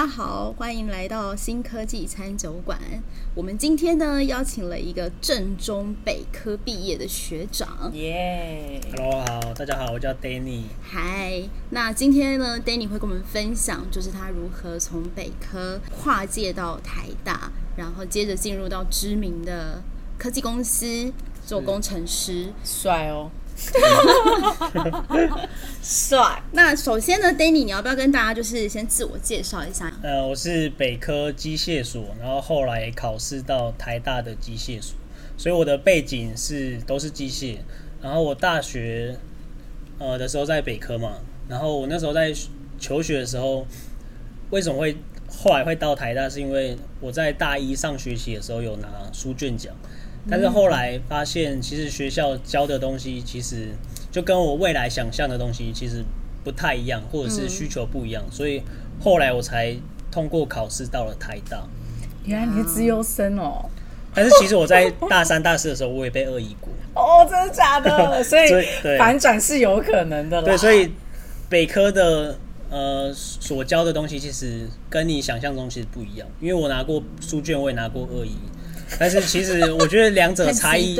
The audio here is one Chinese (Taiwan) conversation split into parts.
大家好，歡迎來到新科技餐酒館。我們今天呢，邀請了一個正宗北科畢業的學長。耶 Yeah.，Hello，好，大家好，我叫 Danny。嗨，那今天呢，Danny 會跟我們分享，就是他如何從北科跨界到台大，然後接着進入到知名的科技公司做工程師，帥哦！帥。 那首先呢，Danny，你要不要跟大家就是先自我介紹一下？呃，我是北科機械所，然後後來考試到台大的機械所，所以我的背景是都是機械。然後我大學呃的時候在北科嘛，然後我那時候在求學的時候，為什麼會後來會到台大？是因為我在大一上學期的時候有拿書卷獎。但是後來發現，其實學校教的東西其實就跟我未來想象的東西其實不太一樣，或者是需求不一樣，所以後來我才通過考試到了台大。原來你是資優生哦！但是其實我在大三、大四的時候，我也被二一過。哦，真的假的？所以反轉是有可能的啦。對，所以北科的呃所教的東西，其實跟你想象中其實不一樣，因為我拿過書卷，我也拿過二一。 但是其實我覺得兩者差異，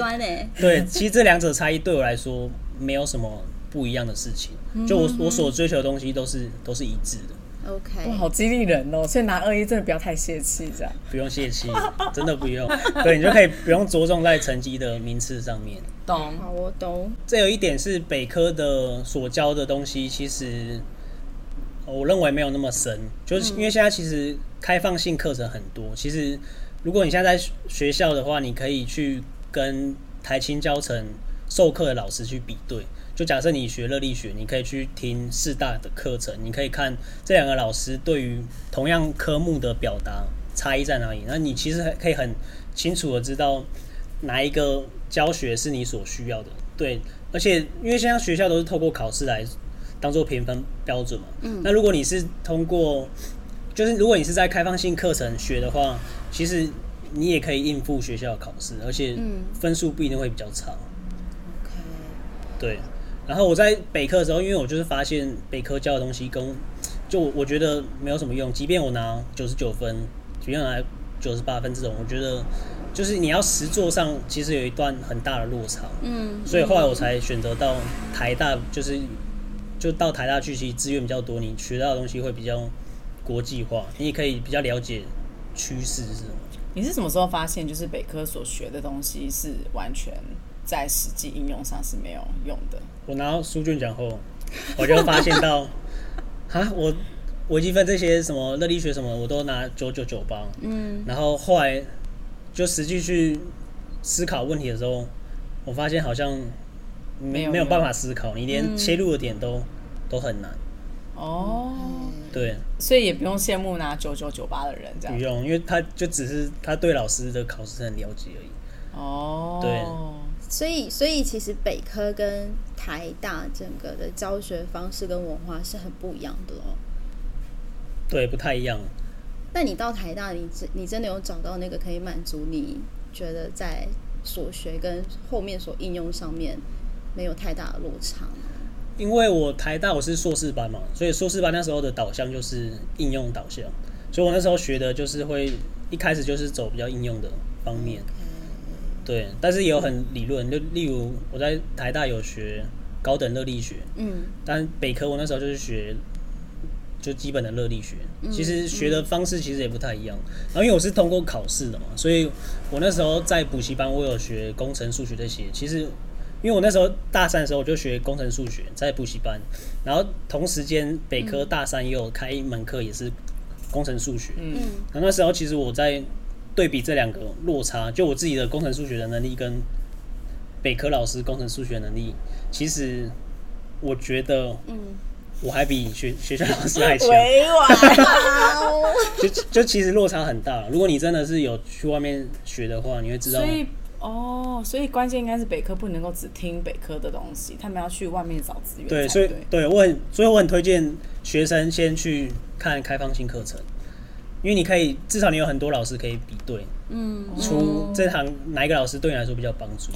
對，其實這兩者差異對我來說沒有什麼不一樣的事情。就我我所追求的東西都是都是一致的。OK，哇，好激勵人哦！所以拿二一真的不要太洩氣，這樣不用洩氣，真的不用。對你就可以不用着重在成績的名次上面。懂，我懂。這有一點是北科的所教的東西，其實我認為沒有那麼深，就是因為現在其實開放性課程很多，其實。如果你現在在學校的話，你可以去跟台清交成授課的老師去比對。就假設你學熱力學，你可以去聽四大的課程，你可以看這兩個老師對於同樣科目的表達差異在哪裡？那你其實還可以很清楚的知道哪一個教學是你所需要的。對，而且因為現在學校都是透過考試來當做評分標準嘛。嗯。那如果你是通過就是如果你是在開放性課程學的話，其實你也可以應付學校的考試，而且分數不一定會比較差。嗯 okay. 對。然後我在北科的時候，因為我就是發現北科教的東西跟就我覺得沒有什麼用，即便我拿九十九分，即便我拿九十八分這種，我覺得就是你要實做上其實有一段很大的落差。嗯。嗯。所以後來我才選擇到台大，就是就到台大去，其實資源比較多，你學到的東西會比較。國際化，你也可以比較了解趨勢是什麼。你是什麼時候發現，就是北科所學的東西是完全在實際應用上是沒有用的？我拿到書卷獎後，我就發現到，哈， 我我微積分這些什麼熱力學什麼，我都拿九九九八，嗯，然後後來就實際去思考問題的時候，我發現好像沒沒有沒辦法思考，你連切入的點都、嗯、都很難。哦。對，所以也不用羨慕拿九九九八的人，這樣、嗯、不用，因為他就只是他對老師的考試很了解而已。哦，對，所以所以其實北科跟台大整個的教學方式跟文化是很不一樣的哦、喔。對，不太一樣。但你到台大你，你你真的有找到那個可以滿足你覺得在所學跟後面所應用上面沒有太大的落差？因為我台大我是碩士班嘛，所以碩士班那時候的導向就是應用導向，所以我那時候學的就是會一開始就是走比較應用的方面，對，但是也有很理論，就例如我在台大有學高等熱力學，嗯，但北科我那時候就是學就基本的熱力學，其實學的方式其實也不太一樣，然後因為我是通過考試的嘛，所以我那時候在補習班我有學工程數學這些，其實。因為我那時候大三的時候，我就學工程數學，在補習班，然後同時間北科大三也有開一門課，也是工程數學。嗯，那那時候其實我在對比這兩個落差，就我自己的工程數學的能力跟北科老師工程數學能力，其實我覺得，嗯，我還比學學校老師還強。 就就其實落差很大。如果你真的是有去外面學的話，你會知道。哦，oh, 所以關鍵應該是北科不能夠只聽北科的東西，他們要去外面找資源對。對，所以對我很，所以我很推薦學生先去看開放性課程，因為你可以至少你有很多老師可以比對，嗯，出這堂哪一個老師對你來說比較幫助。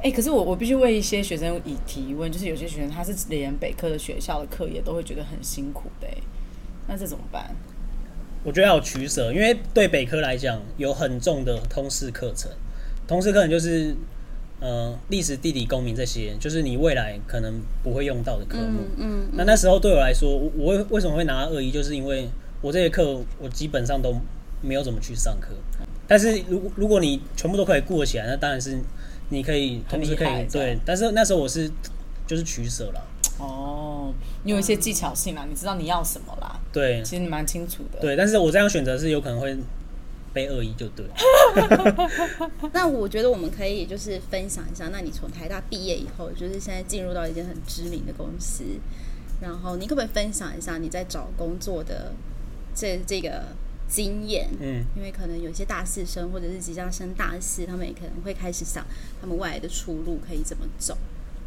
哎、嗯欸，可是我我必須為一些學生以提問，就是有些學生他是連北科的學校的課也都會覺得很辛苦的、欸，那這怎麼辦？我覺得要有取舍，因為對北科來講有很重的通識課程。同時，可能就是，嗯、呃，歷史、地理、公民這些，就是你未來可能不會用到的科目，嗯。嗯，嗯，那那時候對我來說我，我為什麼會拿二一，就是因為我這些課我基本上都沒有怎麼去上課。但是，如果如果你全部都可以過起來，那當然是你可以同時可以對。是啊，但是那時候我是就是取舍了。哦，你有一些技巧性啦，啊，你知道你要什麼啦？嗯、對，其實你蠻清楚的。對，但是我這樣選擇是有可能會。被二一就對了。 那我覺得我們可以就是分享一下，那你從台大畢業以後，就是現在進入到一間很知名的公司，然後你可不可以分享一下你在找工作的這這個經驗？嗯，因為可能有些大四生或者是即將升大四，他們也可能會開始想他們未來的出路可以怎麼走。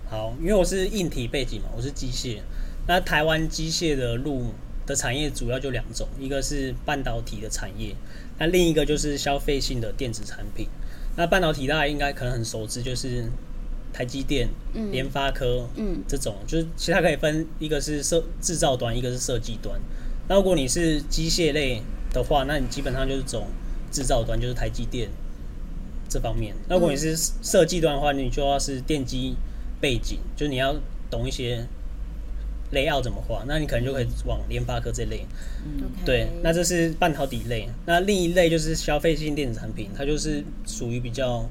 好，因為我是硬體背景嘛，我是機械人，那台灣機械的路。的產業主要就兩種，一個是半導體的產業，那另一個就是消費性的電子產品。那半導體大家應該可能很熟知，就是台積電、嗯，聯發科，嗯，這種就是其他可以分一個是製造端，一個是設計端。那如果你是機械類的話，那你基本上就是走製造端，就是台積電這方面。那如果你是設計端的話，你就要是電機背景，就是你要懂一些。Layout 怎麼畫？那你可能就可以往聯發科這一類，嗯、對，那這是半導體類。那另一類就是消費性電子產品，它就是屬於比較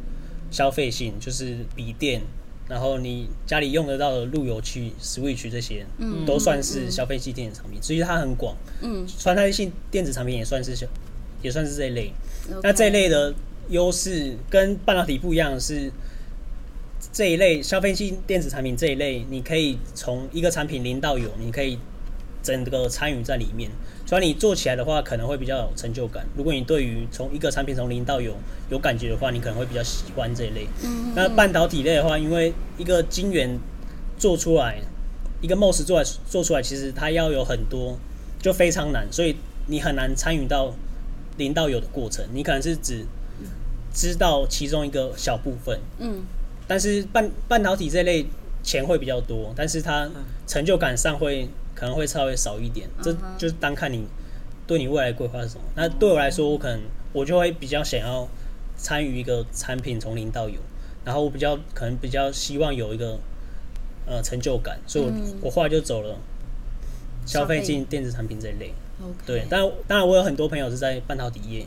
消費性，就是筆電，然後你家裡用得到的路由器、switch 這些，都算是消費性電子產品。所以、嗯、它很廣，嗯，穿戴性電子產品也算是小也算是這一類。嗯、那這一類的優勢跟半導體不一樣的是。這一類消費性電子產品這一類，你可以從一個產品零到有，你可以整個參與在裡面。所以你做起來的話，可能會比較有成就感。如果你對於從一個產品從零到有有感覺的話，你可能會比較喜歡這一類。嗯。那半導體類的話，因為一個晶圓做出來，一個 MOS 做做出來，其實它要有很多，就非常難，所以你很難參與到零到有的過程。你可能是只知道其中一個小部分。嗯。但是半、半導體這類錢會比較多，但是它成就感上會可能會稍微少一點，uh huh. 這就是單看你對你未來規劃是什麼。那對我來說，我可能我就會比較想要參與一個產品從零到有，然後我比較可能比較希望有一個呃成就感，嗯、所以我我後來就走了，消費進電子產品這一類。Okay. 對，當然當然我有很多朋友是在半導體業，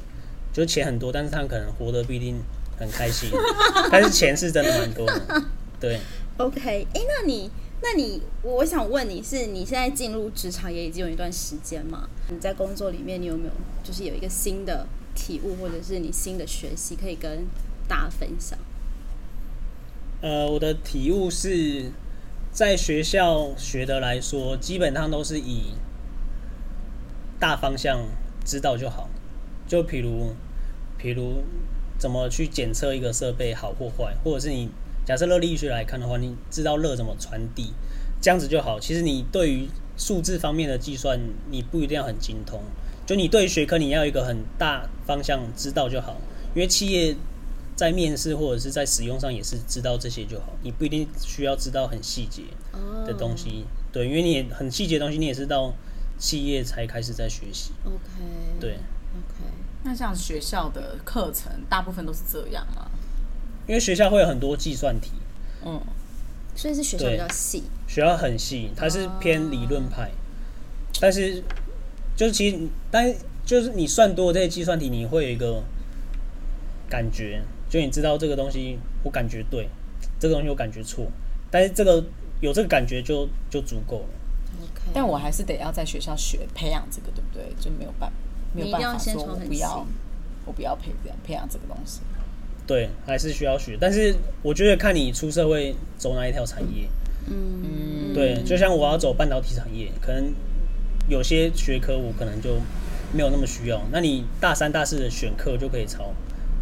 就是錢很多，但是他們可能活得不一定。很開心， 但是錢是真的蠻多的，對。OK，誒、欸，那你，那你，我想問你，是，你現在進入職場也已經有一段時間嗎？你在工作裡面，你有沒有就是有一個新的體悟，或者是你新的學習，可以跟大家分享？呃，我的體悟是在學校學的來說，基本上都是以大方向知道就好，就譬如，譬如。怎麼去檢測一個設備好或壞，或者是你假設熱力學來看的話，你知道熱怎麼傳遞，這樣子就好。其實你對於數字方面的計算，你不一定要很精通，就你對於學科你要有一個很大方向知道就好。因為企業在面試或者是在使用上也是知道這些就好，你不一定需要知道很細節的東西，Oh. 對，因為你也很細節的東西你也是到企業才開始在學習。OK，對。那像學校的課程，大部分都是這樣嗎？因為學校會有很多計算題，嗯，對所以是學校比較細。學校很細，它是偏理論派，啊但，但是就是其實，但就是你算多這些計算題，你會有一個感覺，就你知道這個東西，我感覺對，這個東西我感覺錯，但是這個有這個感覺就就足夠了。但我還是得要在學校學培養這個，對不對？就沒有辦法。你一定要先從不要，我不要培養。培養這個東西。對，還是需要學，但是我覺得看你出社會走哪一條產業。嗯，嗯對，嗯，就像我要走半導體產業，可能有些學科我可能就沒有那麼需要。那你大三、大四的選課就可以朝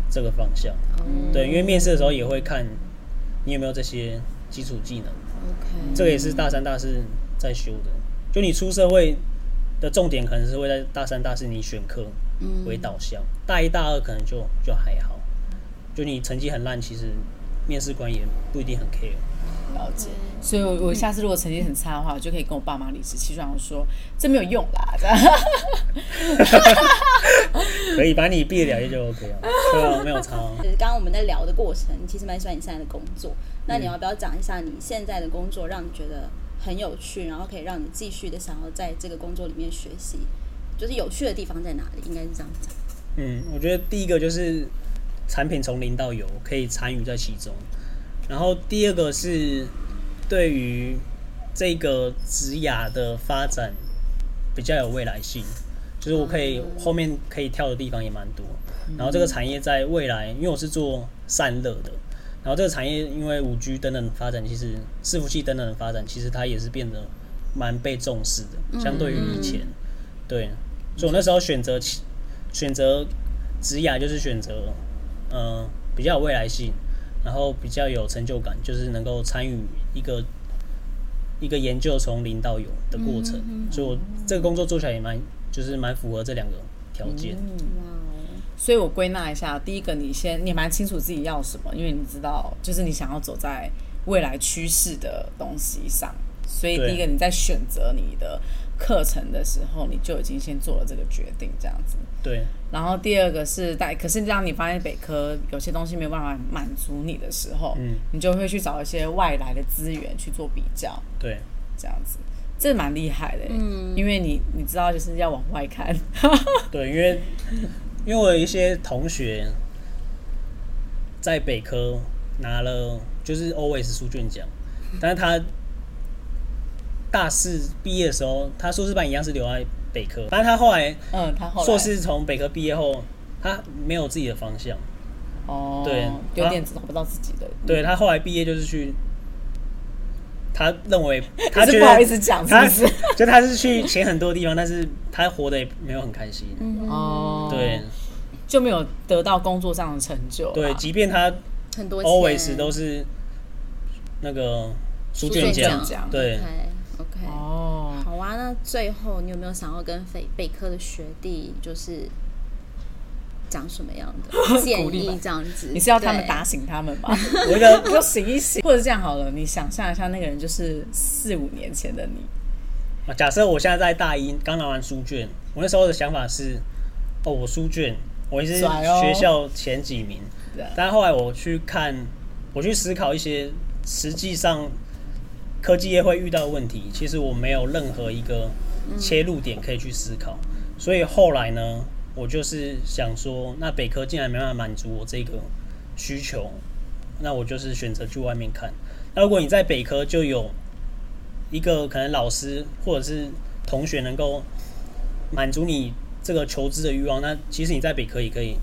這個方向。嗯、對，因為面試的時候也會看你有沒有這些基礎技能。Okay, 這個也是大三、大四在修的，就你出社會。的重點可能是會在大三、大四你選科為導向，嗯、大一大二可能就就還好，就你成績很爛，其實面試官也不一定很 care。了解、嗯，嗯嗯、所以，我我下次如果成績很差的話，嗯、我就可以跟我爸媽理直氣壯說，嗯、這沒有用啦，這樣可以把你畢了就 OK 了，對啊。沒有差啊。就是剛剛我們在聊的過程，其實蠻喜歡你現在的工作。對那你要不要講一下你現在的工作，讓你覺得很有趣，然後可以讓你繼續的想要在這個工作裡面學習，就是有趣的地方在哪裡？應該是這樣子。嗯，我覺得第一個就是產品從零到有可以參與在其中，然後第二個是對於這個職涯的發展比較有未來性，就是我可以後面可以跳的地方也蠻多。然後這個產業在未來，因為我是做散熱的。然後這個產業因為五 G 等等的發展，其實伺服器等等的發展，其實它也是變得蠻被重視的，相對於以前。對，所以我那時候選擇選擇職涯，就是選擇，嗯、呃，比較有未來性，然後比較有成就感，就是能夠參與一個一個研究從零到有的過程，嗯嗯嗯、所以我這個工作做起來也蠻就是蠻符合這兩個條件。所以我歸納一下，第一個你，你先你蠻清楚自己要什麼，因為你知道，就是你想要走在未來趨勢的東西上，所以第一個你在選擇你的課程的時候，你就已經先做了這個決定，這樣子。對。然後第二個是在，可是當你發現北科有些東西沒有辦法滿足你的時候，嗯，你就會去找一些外來的資源去做比較。對，這樣子對這蠻厲害的，嗯，因為你你知道就是要往外看。 對，因為。因為我有一些同學在北科拿了就是 always 書卷獎，但是他大四畢業的時候，他碩士班一樣是留在北科，但他後來，嗯，碩士從北科畢業後，他沒有自己的方向，哦、嗯，對，有點找不到自己的，哦、對，蛤對他後來畢業就是去。他認為，他就不好意思講，是不是？就他是去錢很多的地方，但是他活得也沒有很開心，哦、 嗯哼，對，就沒有得到工作上的成就。對，即便他，Always 都是那個書卷獎，講講對，OK，哦 Okay.，oh. 好啊。那最後你有沒有想要跟北北科的學弟就是？長什麼樣的？建議這樣子，樣子你是要他們打醒他們吧？對我覺得醒 一醒。或者這樣好了，你想象一下，那個人就是四五年前的你。啊，假設我現在在大一，剛拿完書卷，我那時候的想法是，哦，我書卷，我也是學校前幾名。哦、但後來我去看，我去思考一些，實際上科技業會遇到的問題，其實我沒有任何一個切入點可以去思考，所以後來呢？我就是想說，那北科竟然沒辦法滿足我這個需求，那我就是選擇去外面看。那如果你在北科就有一個可能老師或者是同學能夠滿足你這個求知的慾望，那其實你在北科也可以，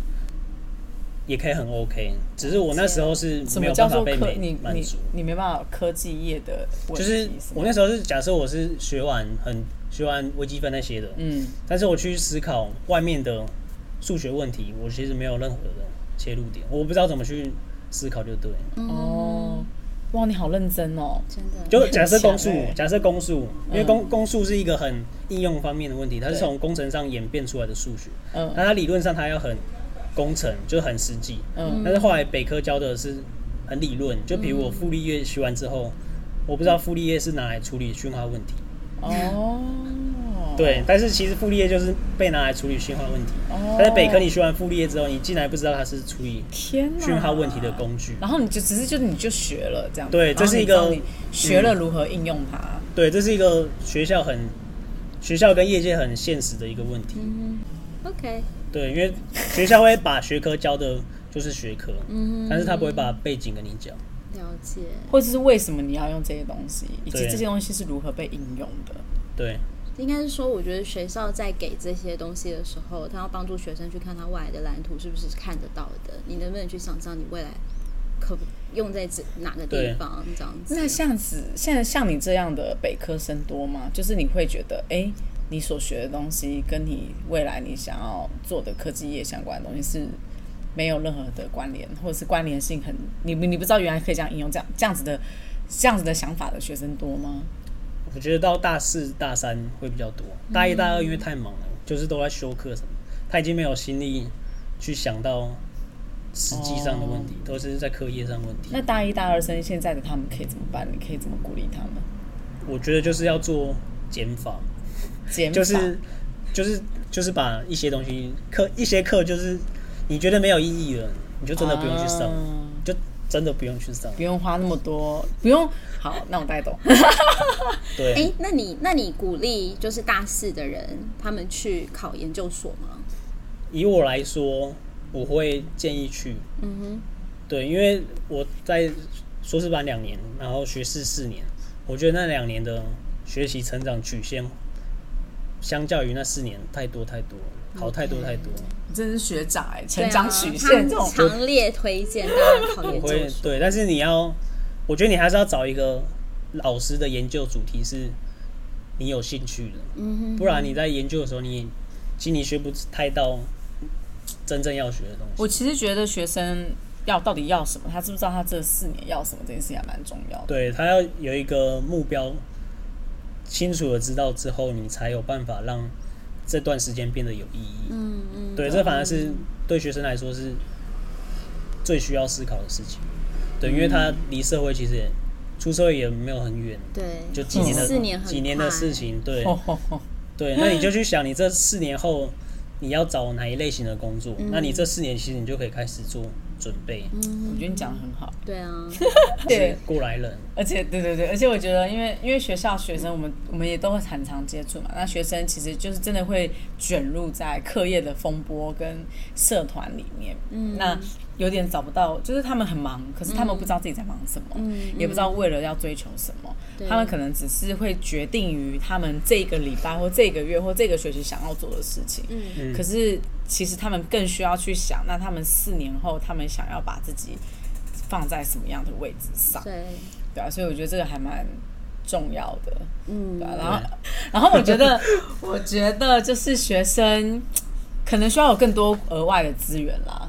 也可以很 OK。只是我那時候是。沒有辦法被滿足，你你你沒辦法科技業的。就是我那時候是假設我是學完很。學完微積分那些的，嗯，但是我去思考外面的數學問題，我其實沒有任何的切入點，我不知道怎麼去思考，就對。哦、嗯，哇，你好認真哦，真的。就假設工數，欸、假設工數，因為公、嗯、工數是一個很應用方面的問題，它是從工程上演變出來的數學。嗯對。那它理論上它要很工程，就很實際。嗯。但是後來北科教的是很理論，就比如我傅立葉學完之後，嗯、我不知道傅立葉是拿來處理訊號問題。哦，oh. 對，但是其實傅立葉就是被拿來處理信號問題。但是、oh. 北科你學完傅立葉之後，你進來不知道他是處理信號問題的工具。啊、然後你就只是就你就學了這樣。對，這是一個學了如何應用它、嗯。對，這是一個學校很學校跟業界很現實的一個問題。Mm hmm. OK，對，因為學校會把學科教的就是學科，嗯、mm，hmm. 但是他不會把背景跟你講。或者是為什麼你要用這些東西，以及這些東西是如何被應用的？對，對應該是說，我覺得學校在給這些東西的時候，他要幫助學生去看他未來的藍圖是不是看得到的。你能不能去想象你未來可用在這哪個地方？這樣子，那這樣子像子現在像你這樣的北科生多嗎？就是你會覺得，哎、欸，你所學的東西跟你未來你想要做的科技業相關的東西是。沒有任何的關聯，或者是關聯性很，你你不知道原來可以這樣引用這樣這樣子的這樣子的想法的學生多嗎？我覺得到大四大三會比較多，大一大二因為太忙了，嗯、就是都在修課什麼，他已經沒有心力去想到實際上的問題，哦、都是在課業上的問題。那大一大二生現在的他們可以怎麼辦？你可以怎麼鼓勵他們？我覺得就是要做減法，減法就是就是就是把一些東西課一些課就是。你覺得沒有意義了，你就真的不用去上，uh, 就真的不用去上，不用花那麼多，不用好，那我帶走。 對，哎、欸，那你那你鼓勵就是大四的人他們去考研究所嗎？以我來說，我會建議去，嗯哼、mm，hmm. 對，因為我在碩士班兩年，然後學士四年，我覺得那兩年的學習成長曲線，相較於那四年太多太多。好太多太多，okay, 真是學長哎、欸，成長曲線，強、啊、就、強烈推薦。我會對，但是你要，我覺得你還是要找一個老師的研究主題是，你有興趣的，嗯哼、哼，不然你在研究的時候你，你心裡學不太到真正要學的東西。我其實覺得學生要到底要什麼，他知不知道他這四年要什麼，這件事情還蠻重要的。對他要有一個目標，清楚的知道之後，你才有辦法讓。這段時間變得有意義，嗯嗯，嗯，對，這反而是對學生來說是最需要思考的事情，對，嗯、因為他離社會其實也出社會也沒有很遠，對，就幾年的四年幾年的事情，對，哦哦哦、對，那你就去想，你這四年後你要找哪一類型的工作，嗯、那你這四年其實你就可以開始做。準備，嗯、哼我覺得你講得很好。嗯、對啊，對，過來人，而且對對對，而且我覺得，因為因為學校學生，我們我們也都會很常接觸嘛。那學生其實就是真的會捲入在課業的風波跟社團裡面。嗯，那。有點找不到，就是他們很忙，可是他們不知道自己在忙什麼，嗯嗯、也不知道為了要追求什麼，對他們可能只是會決定於他們這個禮拜或這個月或這個學期想要做的事情。嗯、可是其實他們更需要去想，那他們四年後他們想要把自己放在什麼樣的位置上？對，對啊，所以我覺得這個還蠻重要的。嗯，對啊，然後對然後我覺得 我覺得就是學生可能需要有更多額外的資源啦。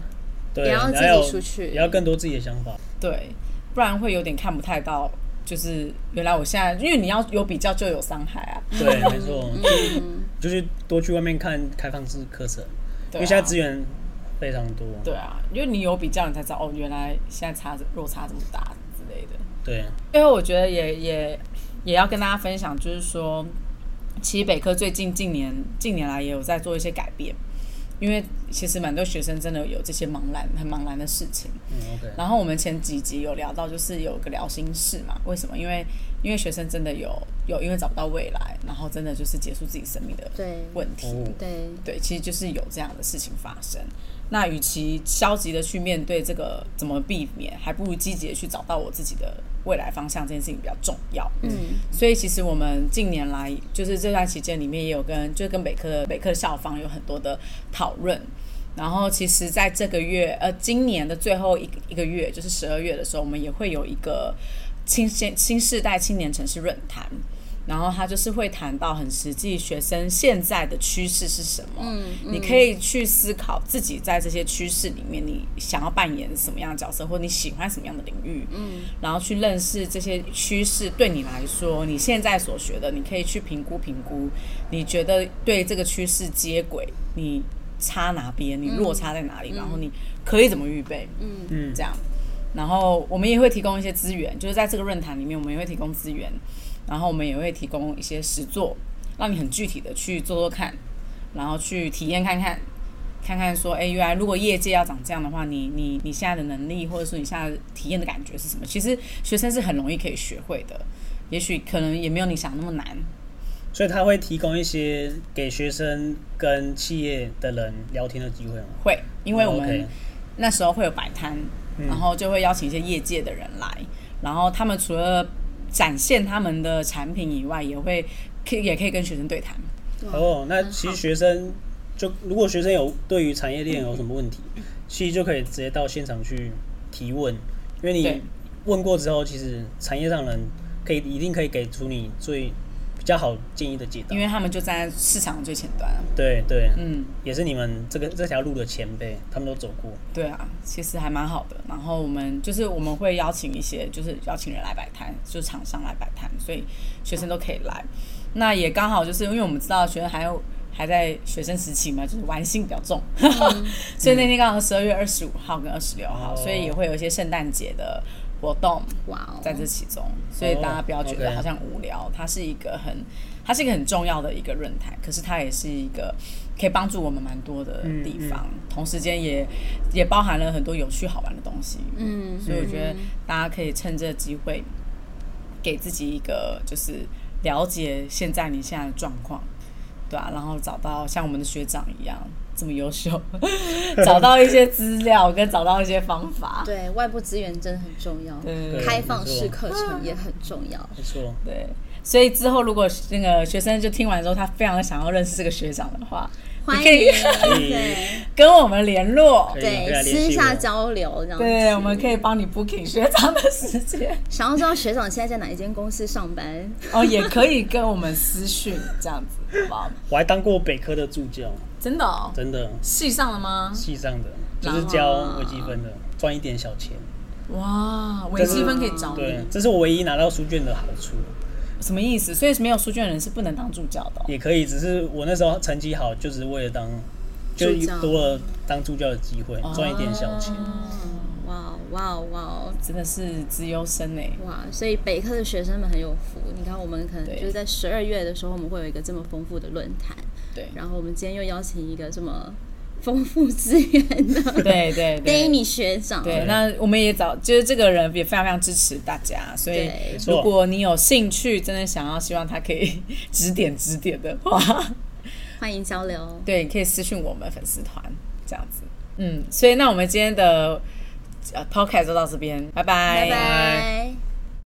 要也要自己出去，也要更多自己的想法。對，不然會有點看不太到，就是原來我現在，因為你要有比較就有傷害啊。對，沒錯，就是多去外面看開放式課程， 因為現在資源非常多。對啊，因為、啊、你有比較，你才知道哦，原來現在差落差這麼大之類的。對，最後我覺得也也也要跟大家分享，就是說，其實北科最近近年近年來也有在做一些改變。因為其實蠻多學生真的有這些茫然、很茫然的事情。嗯，對。然後我們前幾集有聊到，就是有個聊心事嘛。為什麼？因為因為學生真的有有因為找不到未來，然後真的就是結束自己生命的問題。對對，對，其實就是有這樣的事情發生。那與其消極的去面對這個怎麼避免，還不如積極的去找到我自己的。未來方向這件事情比較重要，嗯，所以其實我們近年來就是這段期間裡面也有跟就跟北科的北科校方有很多的討論，然後其實在這個月呃今年的最後一個一個月就是十二月的時候，我們也會有一個新新世代青年城市論壇。然後他就是會談到很實際，學生現在的趨勢是什麼？你可以去思考自己在這些趨勢裡面，你想要扮演什麼樣的角色，或你喜歡什麼樣的領域？然後去認識這些趨勢對你來說，你現在所學的，你可以去評估評估，你覺得對這個趨勢接軌，你差哪邊，你落差在哪裡？然後你可以怎麼預備？嗯嗯，這樣。然後我們也會提供一些資源，就是在這個論壇裡面，我們也會提供資源。然後我們也會提供一些實作，讓你很具體的去做做看，然後去體驗看看，看看說誒，如果業界要長這樣的話，你你你現在的能力，或者說你現在的體驗的感覺是什麼？其實學生是很容易可以學會的，也許可能也沒有你想那麼難。所以他會提供一些給學生跟企業的人聊天的機會嗎？會，因為我們、oh, okay. 那時候會有擺攤，然後就會邀請一些業界的人來，嗯、然後他們除了展現他們的產品以外，也會可以也可以跟學生對談哦，嗯 oh, 那其實學生就好如果學生有對於產業鏈有什麼問題，嗯嗯嗯其實就可以直接到現場去提問，因為你問過之後，對其實產業上的人可以一定可以給出你最。比較好建議的解答，因為他們就在市場最前端、啊對。對對，嗯，也是你們這個這條路的前輩，他們都走過。對啊，其實還蠻好的。然後我們就是我們會邀請一些，就是邀請人來擺攤，就是廠商來擺攤，所以學生都可以來。嗯、那也剛好就是因為我們知道學生還有還在學生時期嘛，就是玩性比較重， 嗯、所以那天剛好十二月二十五號跟二十六號，哦、所以也會有一些聖誕節的。活動 Wow. 在這其中，所以大家不要覺得好像無聊，oh, okay. 它是一個很，它是一個很重要的一個論壇，可是它也是一個可以幫助我們蠻多的地方，嗯嗯、同時間也也包含了很多有趣好玩的東西，嗯，所以我覺得大家可以趁這個機會，給自己一個就是了解現在你現在的狀況，對啊，然後找到像我們的學長一樣。這麼優秀，找到一些資料跟找到一些方法， 對外部資源真的很重要。嗯對，開放式課程也很重要，沒錯。對，所以之後如果那個學生就聽完之後，他非常想要認識這個學長的話，歡迎，可以跟我們聯絡，對，私下交流這樣。對，我們可以幫你 booking 學長的時間。 想要知道學長現在在哪一間公司上班？哦，也可以跟我們私訊這樣子， 好不好？我還當過北科的助教。真的，哦、真的，真的，系上了嗎？系上的，啊、就是教微積分的，賺一點小錢。哇，微積分可以找你，對，這是我唯一拿到書卷的好處。什麼意思？所以沒有書卷的人是不能當助教的？哦。也可以，只是我那時候成績好，就只是為了當教就多了當助教的機會，哇賺一點小錢。哇哇哇，哇哇真的是資優生呢。哇，所以北科的學生們很有福。你看，我們可能就是在十二月的時候，我們會有一個這麼豐富的論壇。對，然後我們今天又邀請一個這麼豐富資源的， 對對 Danny 學長。對，對對那我們也找，就是這個人也非常非常支持大家，所以對如果你有興趣，真的想要，希望他可以指點指點的話， 歡迎交流。對，可以私信我們粉絲團這樣子。嗯，所以那我們今天的呃 Podcast 就到這邊，拜拜拜拜。Bye bye bye bye